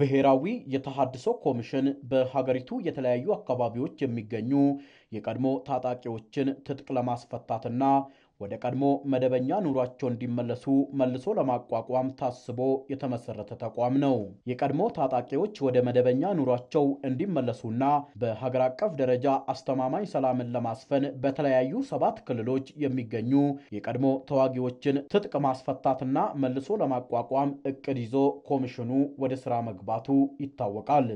ብሔራዊ የተሃድሶ ኮሚሽን በሀገሪቱ የተለያዩ አካባቢዎች የሚገኙ የቀድሞ ታጣቂዎችን ትጥቅ ለማስፈታትና ወደ ቀድሞ መደበኛ ኑሯቸው እንዲመለሱ መልሶ ለማቋቋም ታስቦ የተመሰረተ ተቋም ነው። የቀድሞ ታጣቂዎች ወደ መደበኛ ኑሯቸው እንዲመለሱና በሀገር አቀፍ ደረጃ አስተማማኝ ሰላምን ለማስፈን በተለያዩ ሰባት ክልሎች የሚገኙ የቀድሞ ተዋጊዎችን ትጥቅ ማስፈታትና መልሶ ለማቋቋም እቅድ ይዞ ኮሚሽኑ ወደ ስራ መግባቱ ይታወቃል።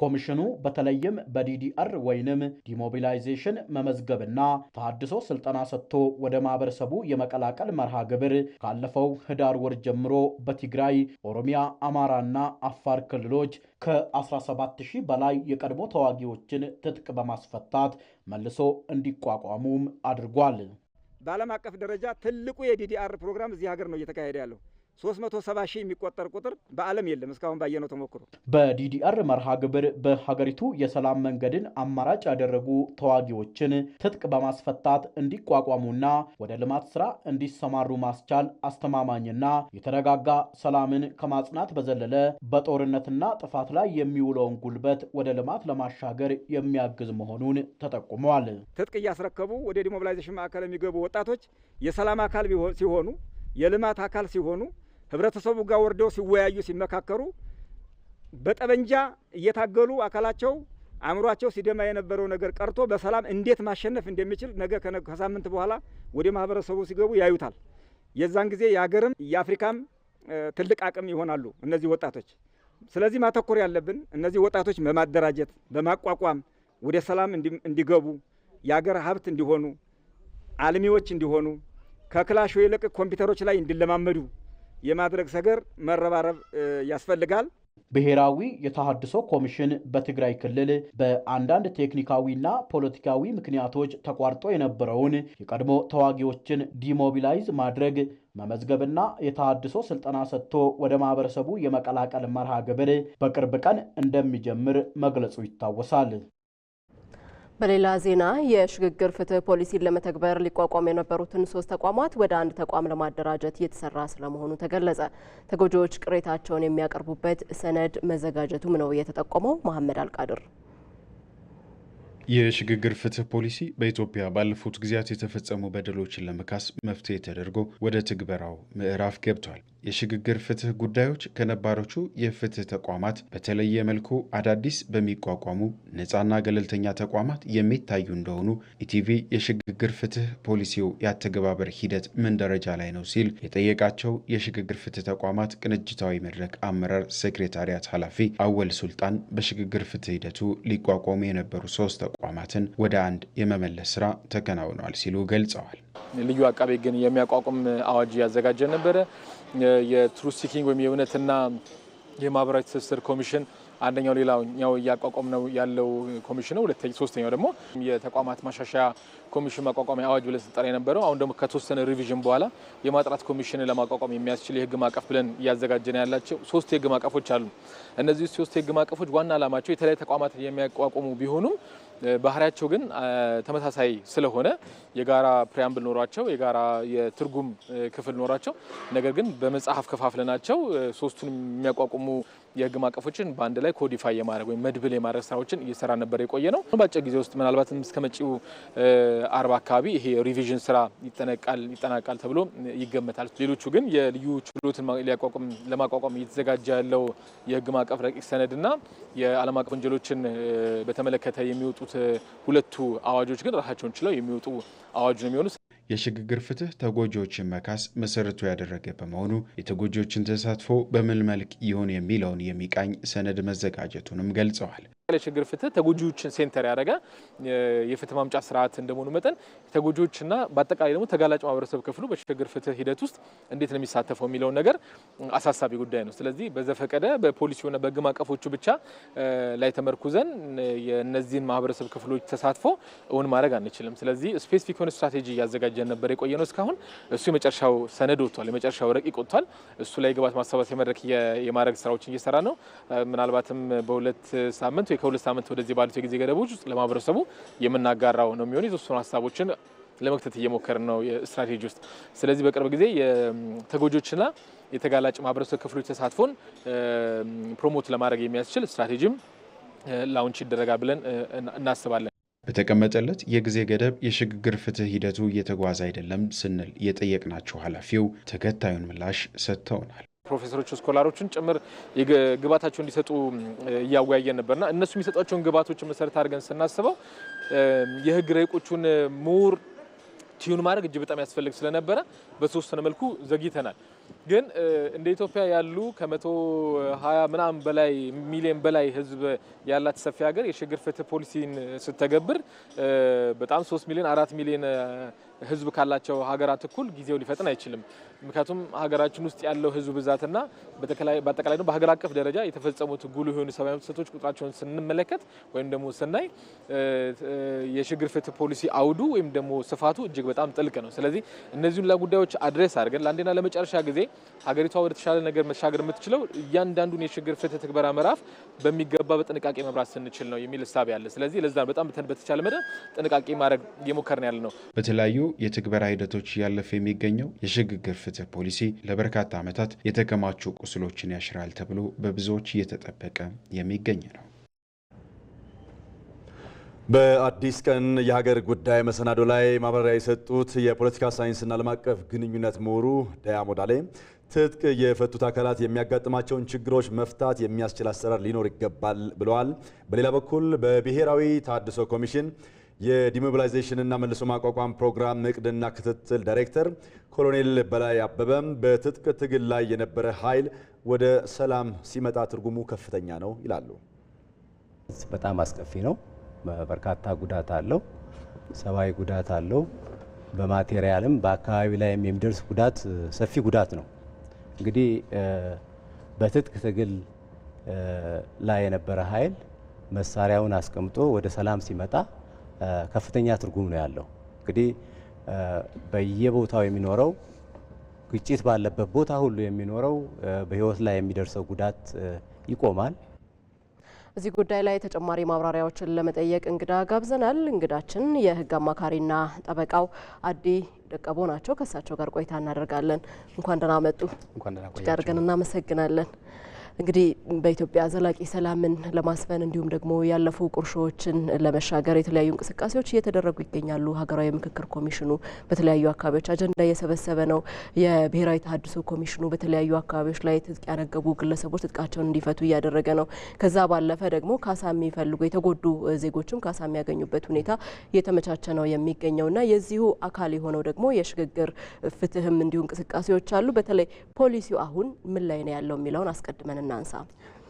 ኮሚሽኑ በተለይም በዲዲአር ወይንም ዲሞቢላይዜሽን መመዝገብና ተሃድሶ ስልጠና ሰጥቶ ወደ ማህበረሰቡ የመቀላቀል መርሃ ግብር ካለፈው ህዳር ወር ጀምሮ በትግራይ፣ ኦሮሚያ፣ አማራና አፋር ክልሎች ከ17000 በላይ የቀድሞ ተዋጊዎችን ትጥቅ በማስፈታት መልሶ እንዲቋቋሙም አድርጓል። በዓለም አቀፍ ደረጃ ትልቁ የዲዲአር ፕሮግራም እዚህ ሀገር ነው እየተካሄደ ያለው። 370 ሺህ የሚቆጠር ቁጥር በዓለም የለም እስካሁን ባየነው ተሞክሮ። በዲዲአር መርሃ ግብር በሀገሪቱ የሰላም መንገድን አማራጭ ያደረጉ ተዋጊዎችን ትጥቅ በማስፈታት እንዲቋቋሙና ወደ ልማት ስራ እንዲሰማሩ ማስቻል አስተማማኝና የተረጋጋ ሰላምን ከማጽናት በዘለለ በጦርነትና ጥፋት ላይ የሚውለውን ጉልበት ወደ ልማት ለማሻገር የሚያግዝ መሆኑን ተጠቁመዋል። ትጥቅ እያስረከቡ ወደ ዲሞቢላይዜሽን ማዕከል የሚገቡ ወጣቶች የሰላም አካል ሲሆኑ የልማት አካል ሲሆኑ ህብረተሰቡ ጋር ወርደው ሲወያዩ ሲመካከሩ በጠበንጃ እየታገሉ አካላቸው አእምሯቸው ሲደማ የነበረው ነገር ቀርቶ በሰላም እንዴት ማሸነፍ እንደሚችል ነገ ከሳምንት በኋላ ወደ ማህበረሰቡ ሲገቡ ያዩታል። የዛን ጊዜ የሀገርም የአፍሪካም ትልቅ አቅም ይሆናሉ እነዚህ ወጣቶች። ስለዚህ ማተኮር ያለብን እነዚህ ወጣቶች በማደራጀት በማቋቋም ወደ ሰላም እንዲገቡ የሀገር ሀብት እንዲሆኑ አልሚዎች እንዲሆኑ ከክላሾ ይልቅ ኮምፒውተሮች ላይ እንዲለማመዱ የማድረግ ሰገር መረባረብ ያስፈልጋል። ብሔራዊ የተሃድሶ ኮሚሽን በትግራይ ክልል በአንዳንድ ቴክኒካዊና ፖለቲካዊ ምክንያቶች ተቋርጦ የነበረውን የቀድሞ ተዋጊዎችን ዲሞቢላይዝ ማድረግ መመዝገብና የተሃድሶ ስልጠና ሰጥቶ ወደ ማህበረሰቡ የመቀላቀል መርሃ ግብር በቅርብ ቀን እንደሚጀምር መግለጹ ይታወሳል። በሌላ ዜና የሽግግር ፍትህ ፖሊሲን ለመተግበር ሊቋቋም የነበሩትን ሶስት ተቋማት ወደ አንድ ተቋም ለማደራጀት እየተሰራ ስለመሆኑ ተገለጸ። ተጎጂዎች ቅሬታቸውን የሚያቀርቡበት ሰነድ መዘጋጀቱም ነው የተጠቆመው። መሐመድ አልቃድር የሽግግር ፍትህ ፖሊሲ በኢትዮጵያ ባለፉት ጊዜያት የተፈጸሙ በደሎችን ለመካስ መፍትሄ ተደርጎ ወደ ትግበራው ምዕራፍ ገብቷል። የሽግግር ፍትህ ጉዳዮች ከነባሮቹ የፍትህ ተቋማት በተለየ መልኩ አዳዲስ በሚቋቋሙ ነፃና ገለልተኛ ተቋማት የሚታዩ እንደሆኑ ኢቲቪ የሽግግር ፍትህ ፖሊሲው የአተገባበር ሂደት ምን ደረጃ ላይ ነው ሲል የጠየቃቸው የሽግግር ፍትህ ተቋማት ቅንጅታዊ መድረክ አመራር ሴክሬታሪያት ኃላፊ አወል ሱልጣን በሽግግር ፍትህ ሂደቱ ሊቋቋሙ የነበሩ ሶስት ተቋማትን ወደ አንድ የመመለስ ስራ ተከናውኗል ሲሉ ገልጸዋል። ልዩ አቃቤ ግን የሚያቋቁም አዋጅ ያዘጋጀ ነበረ። የትሩዝ ሲኪንግ ወይም የእውነትና የማህበራዊ ትስስር ኮሚሽን አንደኛው ሌላኛው እያቋቋም ነው ያለው ኮሚሽን ነው። ሶስተኛው ደግሞ የተቋማት ማሻሻያ ኮሚሽን ማቋቋሚያ አዋጅ ብለን ስንጠራ የነበረው አሁን ደግሞ ከተወሰነ ሪቪዥን በኋላ የማጥራት ኮሚሽን ለማቋቋም የሚያስችል የህግ ማዕቀፍ ብለን እያዘጋጀን ያላቸው ሶስት የህግ ማዕቀፎች አሉ። እነዚህ ሶስት የህግ ማዕቀፎች ዋና ዓላማቸው የተለያዩ ተቋማት የሚያቋቁሙ ቢሆኑም ባህሪያቸው ግን ተመሳሳይ ስለሆነ የጋራ ፕሪያምብል ኖሯቸው የጋራ የትርጉም ክፍል ኖሯቸው ነገር ግን በመጽሐፍ ከፋፍለናቸው ሶስቱን የሚያቋቁሙ የህግ ማቀፎችን በአንድ ላይ ኮዲፋይ የማድረግ ወይም መድብል የማድረግ ስራዎችን እየሰራ ነበር የቆየ ነው። በአጭር ጊዜ ውስጥ ምናልባትም እስከ መጪው አርባ አካባቢ ይሄ ሪቪዥን ስራ ይጠናቃል ተብሎ ይገመታል። ሌሎቹ ግን የልዩ ችሎትን ለማቋቋም እየተዘጋጀ ያለው የህግ ማቀፍ ረቂቅ ሰነድና የዓለም አቀፍ ወንጀሎችን በተመለከተ የሚወጡ የወጡት ሁለቱ አዋጆች ግን ራሳቸውን ችለው የሚወጡ አዋጅ ነው የሚሆኑት። የሽግግር ፍትህ ተጎጂዎችን መካስ መሰረቱ ያደረገ በመሆኑ የተጎጂዎችን ተሳትፎ በምን መልክ ይሆን የሚለውን የሚቃኝ ሰነድ መዘጋጀቱንም ገልጸዋል። ችግር ፍትህ ተጎጂዎችን ሴንተር ያደረገ የፍትህ ማምጫ ስርዓት እንደመሆኑ መጠን ተጎጂዎችና በአጠቃላይ ደግሞ ተጋላጭ ማህበረሰብ ክፍሉ በችግር ፍትህ ሂደት ውስጥ እንዴት ነው የሚሳተፈው የሚለውን ነገር አሳሳቢ ጉዳይ ነው። ስለዚህ በዘፈቀደ በፖሊሲና በህግ ማቀፎቹ ብቻ ላይ ተመርኩዘን የእነዚህን ማህበረሰብ ክፍሎች ተሳትፎ እውን ማድረግ አንችልም። ስለዚህ ስፔሲፊክ የሆነ ስትራቴጂ እያዘጋጀን ነበር የቆየ ነው። እስካሁን እሱ የመጨረሻው ሰነድ ወጥቷል፣ የመጨረሻው ረቂቅ ወጥቷል። እሱ ላይ ግባት ማሰባሰብ መድረክ የማድረግ ስራዎችን እየሰራ ነው። ምናልባትም በሁለት ሳምንት በተለይ ከሁለት ዓመት ወደዚህ ባሉት የጊዜ ገደቦች ውስጥ ለማህበረሰቡ የምናጋራው ነው የሚሆን የተወሰኑ ሀሳቦችን ለመክተት እየሞከር ነው ስትራቴጂ ውስጥ። ስለዚህ በቅርብ ጊዜ የተጎጆችና የተጋላጭ ማህበረሰብ ክፍሎች ተሳትፎን ፕሮሞት ለማድረግ የሚያስችል ስትራቴጂም ላውንች ይደረጋል ብለን እናስባለን። በተቀመጠለት የጊዜ ገደብ የሽግግር ፍትህ ሂደቱ እየተጓዘ አይደለም ስንል የጠየቅናቸው ኃላፊው ተከታዩን ምላሽ ሰጥተውናል። ፕሮፌሰሮች፣ ስኮላሮችን ጭምር ግባታቸው እንዲሰጡ እያወያየን ነበርና እነሱ የሚሰጧቸውን ግባቶች መሰረት አድርገን ስናስበው የህግ ረቂቆቹን ምሁር ቲዩን ማድረግ እጅ በጣም ያስፈልግ ስለነበረ በተወሰነ መልኩ ዘግይተናል። ግን እንደ ኢትዮጵያ ያሉ ከመቶ ሀያ ምናምን በላይ ሚሊዮን በላይ ህዝብ ያላት ሰፊ ሀገር የሽግግር ፍትህ ፖሊሲን ስተገብር በጣም ሶስት ሚሊዮን አራት ሚሊዮን ህዝብ ካላቸው ሀገራት እኩል ጊዜው ሊፈጥን አይችልም። ምክንያቱም ሀገራችን ውስጥ ያለው ህዝብ ብዛትና በአጠቃላይ ነው በሀገር አቀፍ ደረጃ የተፈጸሙት ጉልህ የሆኑ ሰብአዊ መብት ጥሰቶች ቁጥራቸውን ስንመለከት ወይም ደግሞ ስናይ የሽግግር ፍትህ ፖሊሲ አውዱ ወይም ደግሞ ስፋቱ እጅግ በጣም ጥልቅ ነው። ስለዚህ እነዚሁን ለጉዳዮች አድሬስ አድርገን ለአንዴና ለመጨረሻ ጊዜ ሀገሪቷ ወደ ተሻለ ነገር መሻገር የምትችለው እያንዳንዱን የችግር ፍትህ ትግበራ ምዕራፍ በሚገባ በጥንቃቄ መምራት ስንችል ነው የሚል እሳቤ አለ። ስለዚህ ለዛ በጣም በተቻለ መጠን ጥንቃቄ ማድረግ እየሞከርን ያለ ነው። በተለያዩ የትግበራ ሂደቶች እያለፈ የሚገኘው የሽግግር ፍትህ ፖሊሲ ለበርካታ ዓመታት የተከማቹ ቁስሎችን ያሽራል ተብሎ በብዙዎች እየተጠበቀ የሚገኝ ነው። በአዲስ ቀን የሀገር ጉዳይ መሰናዶ ላይ ማብራሪያ የሰጡት የፖለቲካ ሳይንስና ዓለም አቀፍ ግንኙነት ምሁሩ ዳያ ሞዳሌ ትጥቅ የፈቱት አካላት የሚያጋጥማቸውን ችግሮች መፍታት የሚያስችል አሰራር ሊኖር ይገባል ብለዋል። በሌላ በኩል በብሔራዊ ታድሶ ኮሚሽን የዲሞቢላይዜሽንና መልሶ ማቋቋም ፕሮግራም እቅድና ክትትል ዳይሬክተር ኮሎኔል በላይ አበበም በትጥቅ ትግል ላይ የነበረ ኃይል ወደ ሰላም ሲመጣ ትርጉሙ ከፍተኛ ነው ይላሉ። በጣም አስከፊ ነው። በርካታ ጉዳት አለው፣ ሰብአዊ ጉዳት አለው። በማቴሪያልም በአካባቢ ላይ የሚደርስ ጉዳት ሰፊ ጉዳት ነው። እንግዲህ በትጥቅ ትግል ላይ የነበረ ኃይል መሳሪያውን አስቀምጦ ወደ ሰላም ሲመጣ ከፍተኛ ትርጉም ነው ያለው። እንግዲህ በየቦታው የሚኖረው ግጭት ባለበት ቦታ ሁሉ የሚኖረው በህይወት ላይ የሚደርሰው ጉዳት ይቆማል። በዚህ ጉዳይ ላይ ተጨማሪ ማብራሪያዎችን ለመጠየቅ እንግዳ ጋብዘናል። እንግዳችን የህግ አማካሪና ጠበቃው አዲ ደቀቦ ናቸው። ከእሳቸው ጋር ቆይታ እናደርጋለን። እንኳን ደህና መጡ። እናመሰግናለን። እንግዲህ በኢትዮጵያ ዘላቂ ሰላምን ለማስፈን እንዲሁም ደግሞ ያለፉ ቁርሾዎችን ለመሻገር የተለያዩ እንቅስቃሴዎች እየተደረጉ ይገኛሉ። ሀገራዊ ምክክር ኮሚሽኑ በተለያዩ አካባቢዎች አጀንዳ እየሰበሰበ ነው። የብሔራዊ ተሀድሶ ኮሚሽኑ በተለያዩ አካባቢዎች ላይ ትጥቅ ያነገቡ ግለሰቦች ትጥቃቸውን እንዲፈቱ እያደረገ ነው። ከዛ ባለፈ ደግሞ ካሳ የሚፈልጉ የተጎዱ ዜጎችም ካሳ የሚያገኙበት ሁኔታ እየተመቻቸ ነው የሚገኘውና የዚሁ አካል የሆነው ደግሞ የሽግግር ፍትህም እንዲሁ እንቅስቃሴዎች አሉ። በተለይ ፖሊሲው አሁን ምን ላይ ነው ያለው የሚለውን አስቀድመን እናንሳ።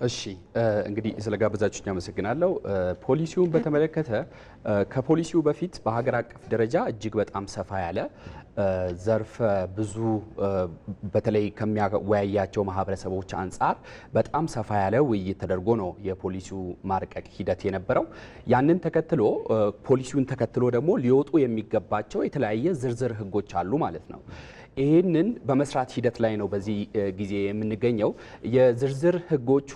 እሺ እንግዲህ ስለጋበዛችሁኝ አመሰግናለሁ። ፖሊሲውን በተመለከተ ከፖሊሲው በፊት በሀገር አቀፍ ደረጃ እጅግ በጣም ሰፋ ያለ ዘርፈ ብዙ በተለይ ከሚያወያያቸው ማህበረሰቦች አንጻር በጣም ሰፋ ያለ ውይይት ተደርጎ ነው የፖሊሲው ማርቀቅ ሂደት የነበረው። ያንን ተከትሎ ፖሊሲውን ተከትሎ ደግሞ ሊወጡ የሚገባቸው የተለያየ ዝርዝር ህጎች አሉ ማለት ነው። ይህንን በመስራት ሂደት ላይ ነው በዚህ ጊዜ የምንገኘው። የዝርዝር ህጎቹ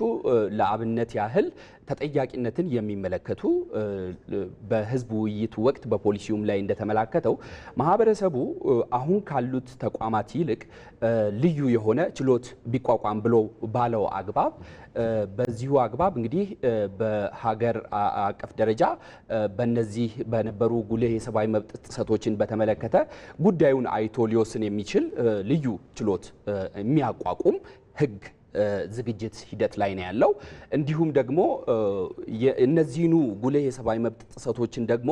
ለአብነት ያህል ተጠያቂነትን የሚመለከቱ በህዝብ ውይይት ወቅት በፖሊሲውም ላይ እንደተመላከተው ማህበረሰቡ አሁን ካሉት ተቋማት ይልቅ ልዩ የሆነ ችሎት ቢቋቋም ብሎ ባለው አግባብ በዚሁ አግባብ እንግዲህ በሀገር አቀፍ ደረጃ በነዚህ በነበሩ ጉልህ የሰብአዊ መብት ጥሰቶችን በተመለከተ ጉዳዩን አይቶ ሊወስን የሚችል ልዩ ችሎት የሚያቋቁም ህግ ዝግጅት ሂደት ላይ ነው ያለው። እንዲሁም ደግሞ እነዚህኑ ጉልህ የሰብአዊ መብት ጥሰቶችን ደግሞ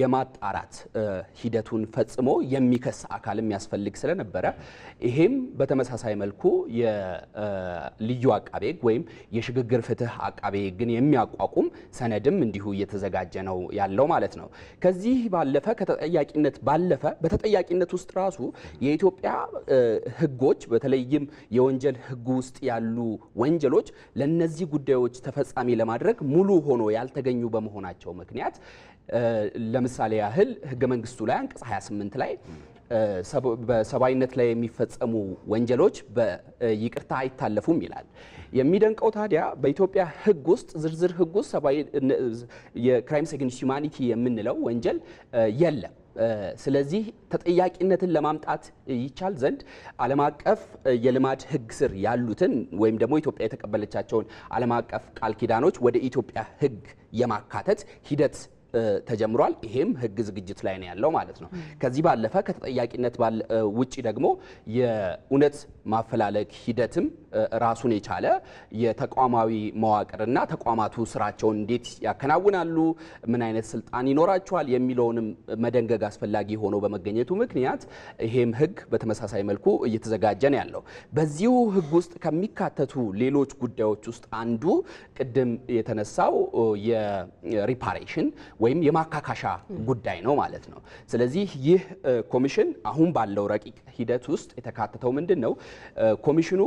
የማጣራት ሂደቱን ፈጽሞ የሚከስ አካል የሚያስፈልግ ስለነበረ ይሄም በተመሳሳይ መልኩ የልዩ አቃቤ ሕግ ወይም የሽግግር ፍትህ አቃቤ ሕግን የሚያቋቁም ሰነድም እንዲሁ እየተዘጋጀ ነው ያለው ማለት ነው። ከዚህ ባለፈ ከተጠያቂነት ባለፈ በተጠያቂነት ውስጥ ራሱ የኢትዮጵያ ሕጎች በተለይም የወንጀል ሕጉ ውስጥ ያሉ ወንጀሎች ለነዚህ ጉዳዮች ተፈጻሚ ለማድረግ ሙሉ ሆኖ ያልተገኙ በመሆናቸው ምክንያት ለምሳሌ ያህል ህገ መንግስቱ ላይ አንቀጽ 28 ላይ በሰብአዊነት ላይ የሚፈጸሙ ወንጀሎች በይቅርታ አይታለፉም ይላል። የሚደንቀው ታዲያ በኢትዮጵያ ህግ ውስጥ ዝርዝር ህግ ውስጥ የክራይምስ አጌንስት ሂውማኒቲ የምንለው ወንጀል የለም። ስለዚህ ተጠያቂነትን ለማምጣት ይቻል ዘንድ ዓለም አቀፍ የልማድ ሕግ ስር ያሉትን ወይም ደግሞ ኢትዮጵያ የተቀበለቻቸውን ዓለም አቀፍ ቃል ኪዳኖች ወደ ኢትዮጵያ ሕግ የማካተት ሂደት ተጀምሯል። ይሄም ህግ ዝግጅት ላይ ነው ያለው ማለት ነው። ከዚህ ባለፈ ከተጠያቂነት ውጭ ደግሞ የእውነት ማፈላለግ ሂደትም ራሱን የቻለ የተቋማዊ መዋቅርና ተቋማቱ ስራቸውን እንዴት ያከናውናሉ፣ ምን አይነት ስልጣን ይኖራቸዋል የሚለውንም መደንገግ አስፈላጊ ሆኖ በመገኘቱ ምክንያት ይሄም ህግ በተመሳሳይ መልኩ እየተዘጋጀ ነው ያለው። በዚሁ ህግ ውስጥ ከሚካተቱ ሌሎች ጉዳዮች ውስጥ አንዱ ቅድም የተነሳው የሪፓሬሽን ወይም የማካካሻ ጉዳይ ነው ማለት ነው። ስለዚህ ይህ ኮሚሽን አሁን ባለው ረቂቅ ሂደት ውስጥ የተካተተው ምንድን ነው? ኮሚሽኑ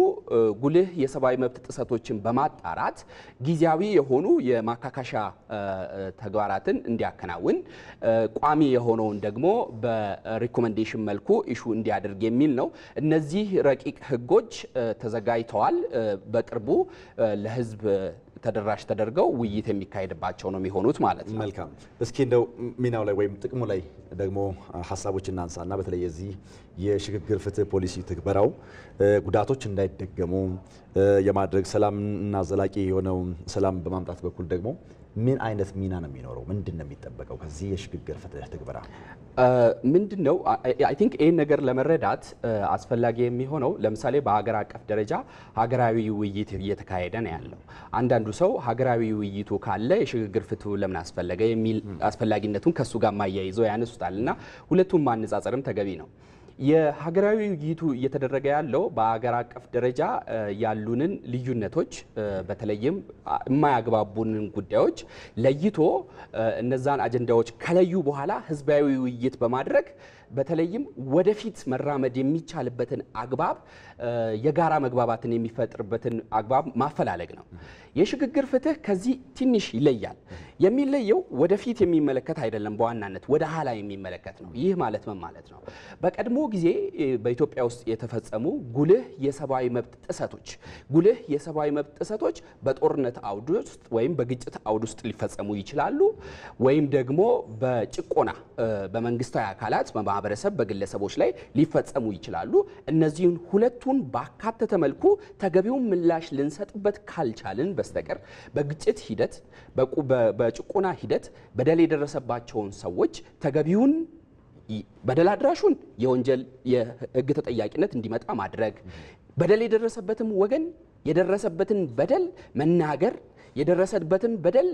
ጉልህ የሰብአዊ መብት ጥሰቶችን በማጣራት ጊዜያዊ የሆኑ የማካካሻ ተግባራትን እንዲያከናውን ቋሚ የሆነውን ደግሞ በሪኮመንዴሽን መልኩ ኢሹ እንዲያደርግ የሚል ነው። እነዚህ ረቂቅ ህጎች ተዘጋጅተዋል። በቅርቡ ለህዝብ ተደራሽ ተደርገው ውይይት የሚካሄድባቸው ነው የሚሆኑት ማለት ነው። መልካም እስኪ እንደው ሚናው ላይ ወይም ጥቅሙ ላይ ደግሞ ሀሳቦች እናንሳና በተለይ የዚህ የሽግግር ፍትህ ፖሊሲ ትግበራው ጉዳቶች እንዳይደገሙ የማድረግ ሰላምና ዘላቂ የሆነው ሰላም በማምጣት በኩል ደግሞ ምን አይነት ሚና ነው የሚኖረው? ምንድን ነው የሚጠበቀው ከዚህ የሽግግር ፍትህ ትግበራ? ምንድን ነው አይ ቲንክ ይህን ነገር ለመረዳት አስፈላጊ የሚሆነው ለምሳሌ በሀገር አቀፍ ደረጃ ሀገራዊ ውይይት እየተካሄደ ነው ያለው። አንዳንዱ ሰው ሀገራዊ ውይይቱ ካለ የሽግግር ፍትሁ ለምን አስፈለገ የሚል አስፈላጊነቱን ከሱ ጋር ማያይዘው ያነሱታል እና ሁለቱን ማነጻጸርም ተገቢ ነው። የሀገራዊ ውይይቱ እየተደረገ ያለው በሀገር አቀፍ ደረጃ ያሉንን ልዩነቶች በተለይም የማያግባቡንን ጉዳዮች ለይቶ እነዛን አጀንዳዎች ከለዩ በኋላ ህዝባዊ ውይይት በማድረግ በተለይም ወደፊት መራመድ የሚቻልበትን አግባብ የጋራ መግባባትን የሚፈጥርበትን አግባብ ማፈላለግ ነው። የሽግግር ፍትህ ከዚህ ትንሽ ይለያል። የሚለየው ወደፊት የሚመለከት አይደለም፣ በዋናነት ወደ ኋላ የሚመለከት ነው። ይህ ማለት ምን ማለት ነው? በቀድሞ ጊዜ በኢትዮጵያ ውስጥ የተፈጸሙ ጉልህ የሰብአዊ መብት ጥሰቶች ጉልህ የሰብአዊ መብት ጥሰቶች በጦርነት አውድ ውስጥ ወይም በግጭት አውድ ውስጥ ሊፈጸሙ ይችላሉ፣ ወይም ደግሞ በጭቆና በመንግስታዊ አካላት ማህበረሰብ በግለሰቦች ላይ ሊፈጸሙ ይችላሉ። እነዚህን ሁለቱን ባካተተ መልኩ ተገቢውን ምላሽ ልንሰጥበት ካልቻልን በስተቀር በግጭት ሂደት፣ በጭቆና ሂደት በደል የደረሰባቸውን ሰዎች ተገቢውን በደል አድራሹን የወንጀል የህግ ተጠያቂነት እንዲመጣ ማድረግ በደል የደረሰበትም ወገን የደረሰበትን በደል መናገር የደረሰበትን በደል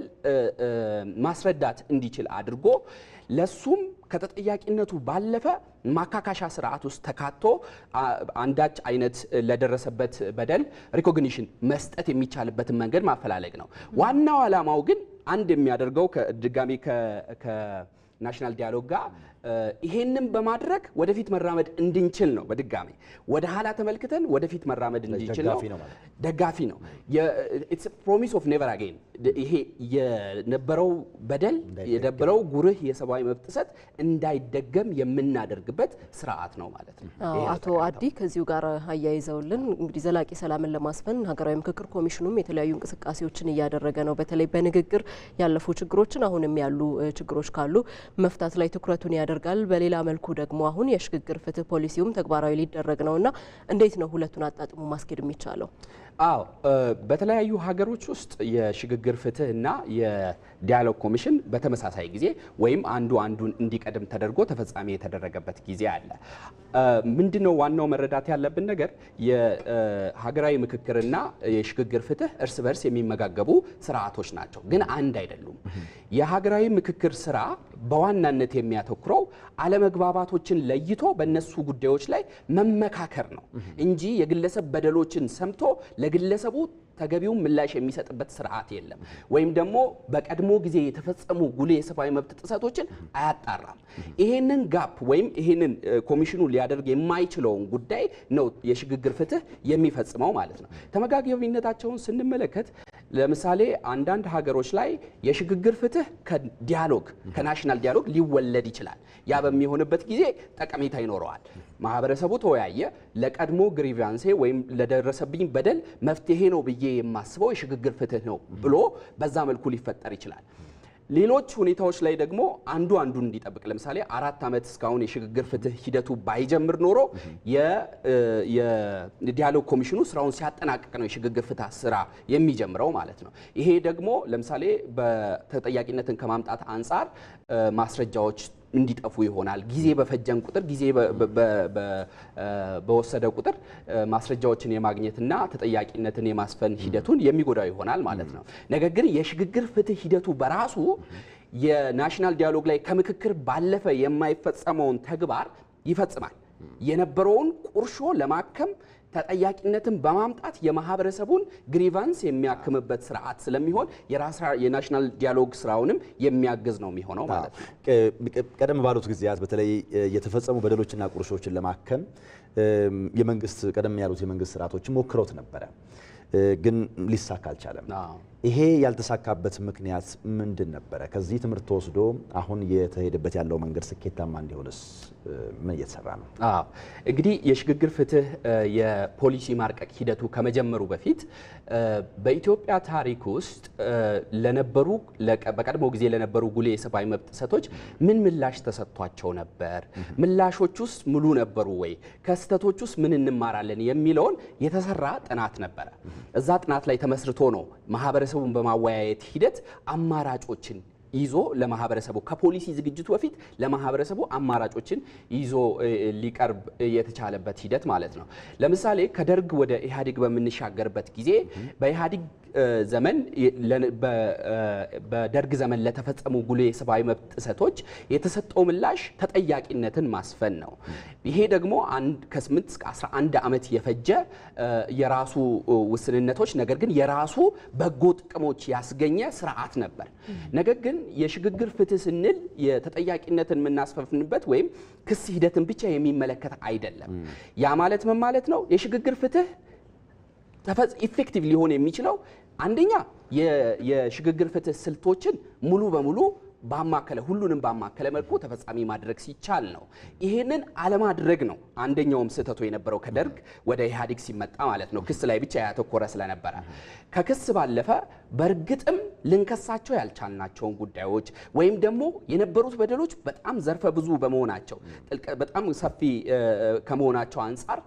ማስረዳት እንዲችል አድርጎ ለሱም ከተጠያቂነቱ ባለፈ ማካካሻ ስርዓት ውስጥ ተካቶ አንዳች አይነት ለደረሰበት በደል ሪኮግኒሽን መስጠት የሚቻልበትን መንገድ ማፈላለግ ነው። ዋናው ዓላማው ግን አንድ የሚያደርገው ድጋሚ ከናሽናል ዲያሎግ ጋር ይሄንን በማድረግ ወደፊት መራመድ እንድንችል ነው። በድጋሚ ወደ ኋላ ተመልክተን ወደፊት መራመድ እንድንችል ነው። ደጋፊ ነው። ፕሮሚስ ኦፍ ኔቨር አጌን። ይሄ የነበረው በደል የነበረው ጉርህ የሰብአዊ መብት ጥሰት እንዳይደገም የምናደርግበት ስርዓት ነው ማለት ነው። አቶ አዲ ከዚሁ ጋር አያይዘውልን እንግዲህ ዘላቂ ሰላምን ለማስፈን ሀገራዊ ምክክር ኮሚሽኑም የተለያዩ እንቅስቃሴዎችን እያደረገ ነው። በተለይ በንግግር ያለፉ ችግሮችን አሁንም ያሉ ችግሮች ካሉ መፍታት ላይ ትኩረቱን ያደ ያደርጋል። በሌላ መልኩ ደግሞ አሁን የሽግግር ፍትህ ፖሊሲውም ተግባራዊ ሊደረግ ነውና እንዴት ነው ሁለቱን አጣጥሞ ማስኬድ የሚቻለው? አዎ በተለያዩ ሀገሮች ውስጥ የሽግግር ፍትህና ዲያሎግ ኮሚሽን በተመሳሳይ ጊዜ ወይም አንዱ አንዱን እንዲቀድም ተደርጎ ተፈጻሚ የተደረገበት ጊዜ አለ። ምንድነው ዋናው መረዳት ያለብን ነገር የሀገራዊ ምክክርና የሽግግር ፍትህ እርስ በርስ የሚመጋገቡ ስርዓቶች ናቸው፣ ግን አንድ አይደሉም። የሀገራዊ ምክክር ስራ በዋናነት የሚያተኩረው አለመግባባቶችን ለይቶ በእነሱ ጉዳዮች ላይ መመካከር ነው እንጂ የግለሰብ በደሎችን ሰምቶ ለግለሰቡ ተገቢውን ምላሽ የሚሰጥበት ስርዓት የለም። ወይም ደግሞ በቀድሞ ጊዜ የተፈጸሙ ጉልህ የሰብአዊ መብት ጥሰቶችን አያጣራም። ይሄንን ጋፕ ወይም ይሄንን ኮሚሽኑ ሊያደርግ የማይችለውን ጉዳይ ነው የሽግግር ፍትህ የሚፈጽመው ማለት ነው። ተመጋጋቢነታቸውን ስንመለከት ለምሳሌ አንዳንድ ሀገሮች ላይ የሽግግር ፍትህ ከዲያሎግ ከናሽናል ዲያሎግ ሊወለድ ይችላል። ያ በሚሆንበት ጊዜ ጠቀሜታ ይኖረዋል። ማህበረሰቡ ተወያየ። ለቀድሞ ግሪቫንሴ ወይም ለደረሰብኝ በደል መፍትሄ ነው ብዬ የማስበው የሽግግር ፍትህ ነው ብሎ በዛ መልኩ ሊፈጠር ይችላል። ሌሎች ሁኔታዎች ላይ ደግሞ አንዱ አንዱን እንዲጠብቅ ለምሳሌ አራት ዓመት እስካሁን የሽግግር ፍትህ ሂደቱ ባይጀምር ኖሮ የዲያሎግ ኮሚሽኑ ስራውን ሲያጠናቅቅ ነው የሽግግር ፍትህ ስራ የሚጀምረው ማለት ነው። ይሄ ደግሞ ለምሳሌ በተጠያቂነትን ከማምጣት አንጻር ማስረጃዎች እንዲጠፉ ይሆናል። ጊዜ በፈጀን ቁጥር፣ ጊዜ በወሰደ ቁጥር ማስረጃዎችን የማግኘትና ተጠያቂነትን የማስፈን ሂደቱን የሚጎዳው ይሆናል ማለት ነው። ነገር ግን የሽግግር ፍትህ ሂደቱ በራሱ የናሽናል ዲያሎግ ላይ ከምክክር ባለፈ የማይፈጸመውን ተግባር ይፈጽማል። የነበረውን ቁርሾ ለማከም ተጠያቂነትን በማምጣት የማህበረሰቡን ግሪቫንስ የሚያክምበት ስርዓት ስለሚሆን የናሽናል ዲያሎግ ስራውንም የሚያግዝ ነው የሚሆነው ማለት ነው። ቀደም ባሉት ጊዜያት በተለይ የተፈጸሙ በደሎችና ቁርሾችን ለማከም የመንግስት ቀደም ያሉት የመንግስት ስርዓቶች ሞክረውት ነበረ፣ ግን ሊሳካ አልቻለም። ይሄ ያልተሳካበት ምክንያት ምንድን ነበረ? ከዚህ ትምህርት ተወስዶ አሁን የተሄደበት ያለው መንገድ ስኬታማ እንዲሆንስ ምን እየተሰራ ነው? አዎ እንግዲህ የሽግግር ፍትህ የፖሊሲ ማርቀቅ ሂደቱ ከመጀመሩ በፊት በኢትዮጵያ ታሪክ ውስጥ ለነበሩ በቀድሞ ጊዜ ለነበሩ ጉሌ የሰብአዊ መብት ጥሰቶች ምን ምላሽ ተሰጥቷቸው ነበር? ምላሾች ውስጥ ሙሉ ነበሩ ወይ? ከስህተቶች ውስጥ ምን እንማራለን? የሚለውን የተሰራ ጥናት ነበረ። እዛ ጥናት ላይ ተመስርቶ ነው ማህበረሰብ ማህበረሰቡን በማወያየት ሂደት አማራጮችን ይዞ ለማህበረሰቡ ከፖሊሲ ዝግጅቱ በፊት ለማህበረሰቡ አማራጮችን ይዞ ሊቀርብ የተቻለበት ሂደት ማለት ነው። ለምሳሌ ከደርግ ወደ ኢህአዴግ በምንሻገርበት ጊዜ በኢህአዴግ ዘመን በደርግ ዘመን ለተፈጸሙ ጉልህ የሰብአዊ መብት ጥሰቶች የተሰጠው ምላሽ ተጠያቂነትን ማስፈን ነው። ይሄ ደግሞ ከ8 እስከ 11 ዓመት የፈጀ የራሱ ውስንነቶች፣ ነገር ግን የራሱ በጎ ጥቅሞች ያስገኘ ስርዓት ነበር። ነገር ግን የሽግግር ፍትህ ስንል የተጠያቂነትን የምናስፈፍንበት ወይም ክስ ሂደትን ብቻ የሚመለከት አይደለም። ያ ማለት ምን ማለት ነው? የሽግግር ፍትህ ኢፌክቲቭ ሊሆን የሚችለው አንደኛ የሽግግር ፍትህ ስልቶችን ሙሉ በሙሉ ባማከለ ሁሉንም ባማከለ መልኩ ተፈጻሚ ማድረግ ሲቻል ነው። ይህንን አለማድረግ ነው አንደኛውም ስህተቱ የነበረው ከደርግ ወደ ኢህአዴግ ሲመጣ ማለት ነው። ክስ ላይ ብቻ ያተኮረ ስለነበረ ከክስ ባለፈ በእርግጥም ልንከሳቸው ያልቻልናቸውን ጉዳዮች ወይም ደግሞ የነበሩት በደሎች በጣም ዘርፈ ብዙ በመሆናቸው በጣም ሰፊ ከመሆናቸው አንጻር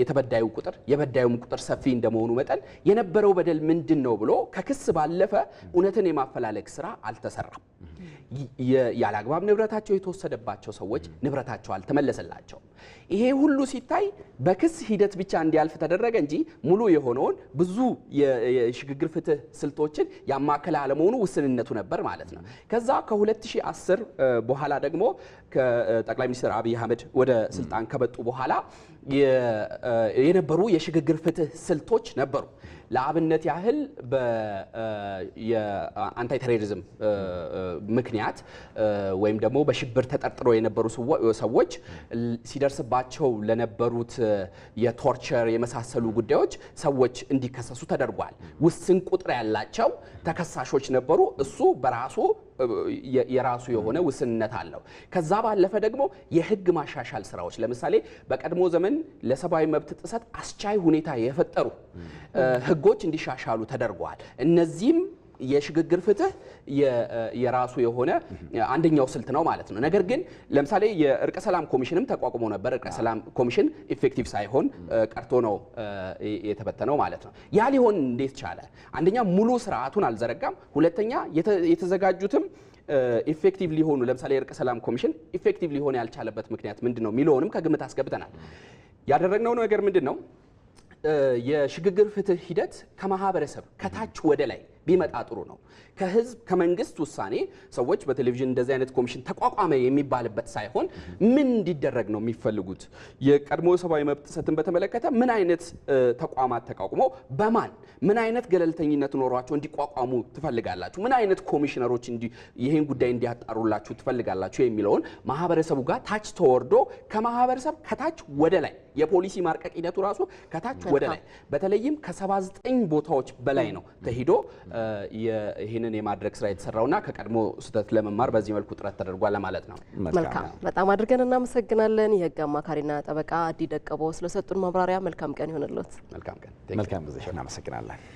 የተበዳዩ ቁጥር የበዳዩም ቁጥር ሰፊ እንደመሆኑ መጠን የነበረው በደል ምንድን ነው ብሎ ከክስ ባለፈ እውነትን የማፈላለግ ስራ አልተሰራም። ያለ አግባብ ንብረታቸው የተወሰደባቸው ሰዎች ንብረታቸው አልተመለሰላቸውም። ይሄ ሁሉ ሲታይ በክስ ሂደት ብቻ እንዲያልፍ ተደረገ እንጂ ሙሉ የሆነውን ብዙ የሽግግር ፍትህ ስልቶችን ያማከለ አለመሆኑ ውስንነቱ ነበር ማለት ነው። ከዛ ከ2010 በኋላ ደግሞ ከጠቅላይ ሚኒስትር አብይ አህመድ ወደ ስልጣን ከመጡ በኋላ የነበሩ የሽግግር ፍትህ ስልቶች ነበሩ። ለአብነት ያህል የአንታይ ቴሮሪዝም ምክንያት ወይም ደግሞ በሽብር ተጠርጥረው የነበሩ ሰዎች ሲደርስባቸው ለነበሩት የቶርቸር የመሳሰሉ ጉዳዮች ሰዎች እንዲከሰሱ ተደርጓል። ውስን ቁጥር ያላቸው ተከሳሾች ነበሩ። እሱ በራሱ የራሱ የሆነ ውስንነት አለው። ከዛ ባለፈ ደግሞ የህግ ማሻሻል ስራዎች ለምሳሌ በቀድሞ ዘመን ለሰብአዊ መብት ጥሰት አስቻይ ሁኔታ የፈጠሩ ህጎች እንዲሻሻሉ ተደርገዋል። እነዚህም የሽግግር ፍትህ የራሱ የሆነ አንደኛው ስልት ነው ማለት ነው። ነገር ግን ለምሳሌ የእርቀ ሰላም ኮሚሽንም ተቋቁሞ ነበር። እርቀ ሰላም ኮሚሽን ኢፌክቲቭ ሳይሆን ቀርቶ ነው የተበተነው ማለት ነው። ያ ሊሆን እንዴት ቻለ? አንደኛ ሙሉ ስርዓቱን አልዘረጋም። ሁለተኛ የተዘጋጁትም ኢፌክቲቭ ሊሆኑ ለምሳሌ የእርቀ ሰላም ኮሚሽን ኢፌክቲቭ ሊሆን ያልቻለበት ምክንያት ምንድን ነው የሚለውንም ከግምት አስገብተናል። ያደረግነው ነገር ምንድን ነው? የሽግግር ፍትህ ሂደት ከማህበረሰብ ከታች ወደ ላይ ቢመጣ ጥሩ ነው። ከህዝብ ከመንግስት ውሳኔ ሰዎች በቴሌቪዥን እንደዚህ አይነት ኮሚሽን ተቋቋመ የሚባልበት ሳይሆን ምን እንዲደረግ ነው የሚፈልጉት? የቀድሞ ሰብአዊ መብት ጥሰትን በተመለከተ ምን አይነት ተቋማት ተቋቁሞ በማን ምን አይነት ገለልተኝነት ኖሯቸው እንዲቋቋሙ ትፈልጋላችሁ? ምን አይነት ኮሚሽነሮች ይህን ጉዳይ እንዲያጣሩላችሁ ትፈልጋላችሁ? የሚለውን ማህበረሰቡ ጋር ታች ተወርዶ ከማህበረሰብ ከታች ወደ ላይ የፖሊሲ ማርቀቅ ሂደቱ ራሱ ከታች ወደ ላይ በተለይም ከ79 ቦታዎች በላይ ነው ተሂዶ ይህንን የማድረግ ስራ የተሰራውና ከቀድሞ ስህተት ለመማር በዚህ መልኩ ጥረት ተደርጓል ለማለት ነው። መልካም በጣም አድርገን እናመሰግናለን። የህግ አማካሪና ጠበቃ አዲ ደቀቦ ስለሰጡን ማብራሪያ መልካም ቀን ይሆንልዎት። መልካም ቀን፣ መልካም ጊዜ። እናመሰግናለን።